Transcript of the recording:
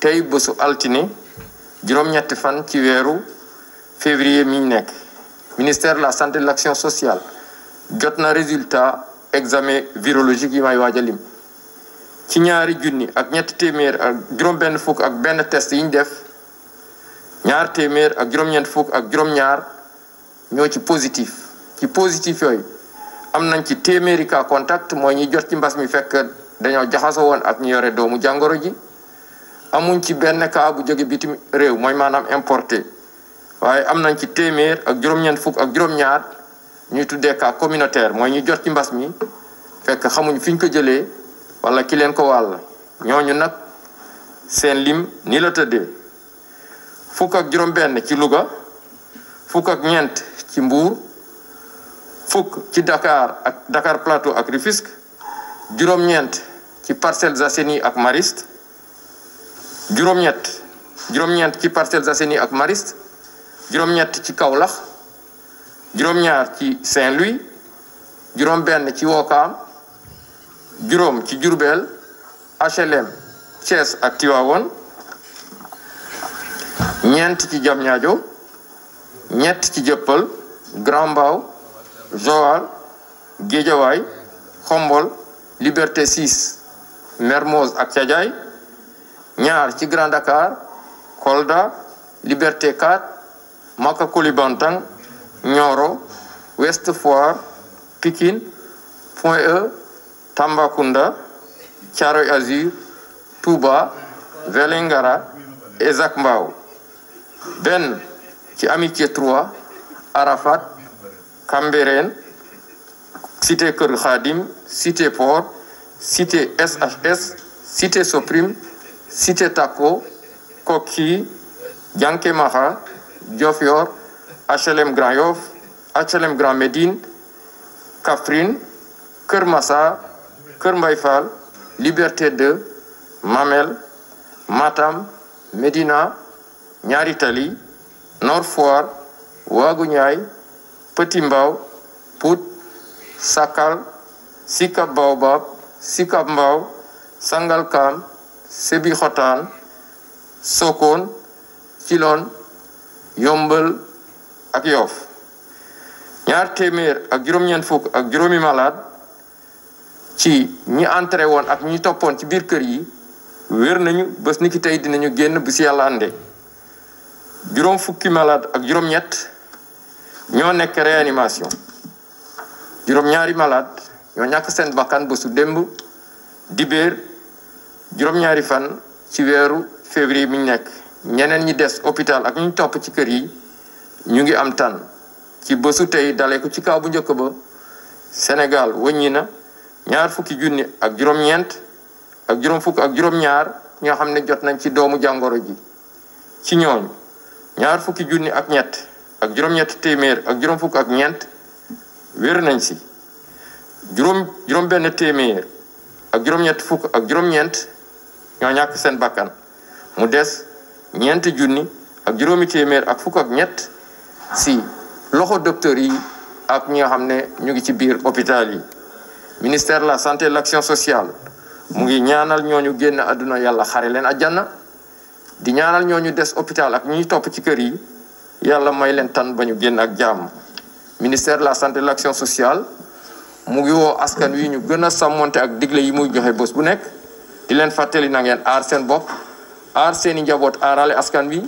tey bésu altine juróom-ñetti fan ci weeru février mi nekk ministère de la santé de l'action sociale jot na résultat examen virologique yi may waaj a ci ñaari junni ak ñetti téeméer ak juróom-benn fukk ak benn test yi ñu def ñaar téeméer ak juróom fukk ak juróom ñoo ci positif ci positif yooyu am nañ ci téeméeri ka contact mooy ñi jot ci mbas mi fekk dañoo jaxasoo woon ak ñu yore doomu jàngoro ji amuñ ci benn cas bu jóge bitim réew mooy maanaam importé waaye am nañ ci téeméer ak juróom-ñeent fukk ak juróom-ñaar ñuy tuddee ka communautaire mooy ñu jot ci mbas mi fekk xamuñ fiñ ko jëlee wala ki leen ko wàll ñooñu nag seen lim ni la tëddee fukk ak juróom-benn ci Louga fukk ak ñeent ci Mbour fukk ci Dakar ak Dakar Plateau ak Rufisque juróom-ñeent ci parcelle Assainies ak marist juróom-ñett juróom-ñeent ci Parcelles Assainies ak Mariste juróom-ñett ci kawlax juróom-ñaar ci Saint-Louis juróom-benn ci Wokam juróom ci Diourbel HLM Thiès ak Tivaouane ñeent ci Diamniadio ñett ci Dieuppeul Grand Mbao Joal Guédiawaye Khombole Liberté 6 Mermoz ak Thiadiaye ñaar ci Grand Kolda Liberté 4 Maka Koulibantang Nioro Ouest Foire Pikine E Tambacounda Thiaroye Azur Touba Vélingara et Zac Mbao benn ci Amitié 3 Arafat Cambérène Cité Kër Khadim Cité Port Cité SHS Cité Soprim Cité Takko Koki Janké Maha Diofior HLM Grand Yoff HLM Grand Médine Kaffrine Kër Massa Kër Mbaye Liberté 2 Mamel Matam Médina Ñaari Tali Nord Foire Ouagou Niayes Petit Mbao Pout Sakal Sicap Baobab Sicap Mbao Sangalkam Sébikotane Sokone Thilogne Yeumbeul ak Yoff ñaar téeméer ak juróom-ñeent fukk ak juróomi malade ci ñi entré woon ak ñi toppoon ci biir kër yi wér nañu bés ni ki tey dinañu génn bu si yàlla ànde juróom fukki malade ak juróom-ñett ñoo nekk réanimation juróom-ñaari malade ñoo ñàkk seen bakkan bésu démb dibéer juróom-ñaari fan ci weeru février bi ñu nekk ñeneen ñi des hôpital ak ñu topp ci kër yi ñu ngi am tànn ci bésu tey dale ci kaw bu njëkk ba Sénégal wëññi na ñaar fukki junni ak juróom-ñeent ak juróom fukk xam ne jot nañ ci doomu jàngoro ji ci ñooñ ñaar fukki ak ñett ak juróom téeméer ak juróom fukk ak ñeent wér nañ si juróom juróom benn téeméer ak juróom-ñett fukk ak juróom-ñeent ñoo ñàkk seen bakkan mu des ñeenti junni ak juróomi téeméer ak fukk ak ñett si loxo docteur yi ak ñi nga xam ne ñu ngi ci biir hôpital yi ministère la santé l'action sociale mu ngi ñaanal ñu génn àdduna yàlla xare leen àjjana di ñaanal ñoo ñu des hôpital ak ñi topp ci kër yi yàlla may leen tan ba ñu génn ak jàmm ministère de la santé l'action sociale mu ngi woo askan wi ñu gën a sàmmonte ak digle yi muy joxe bés bu nekk di leen fàttali na aar seen bopp aar njaboot aarale askan wi.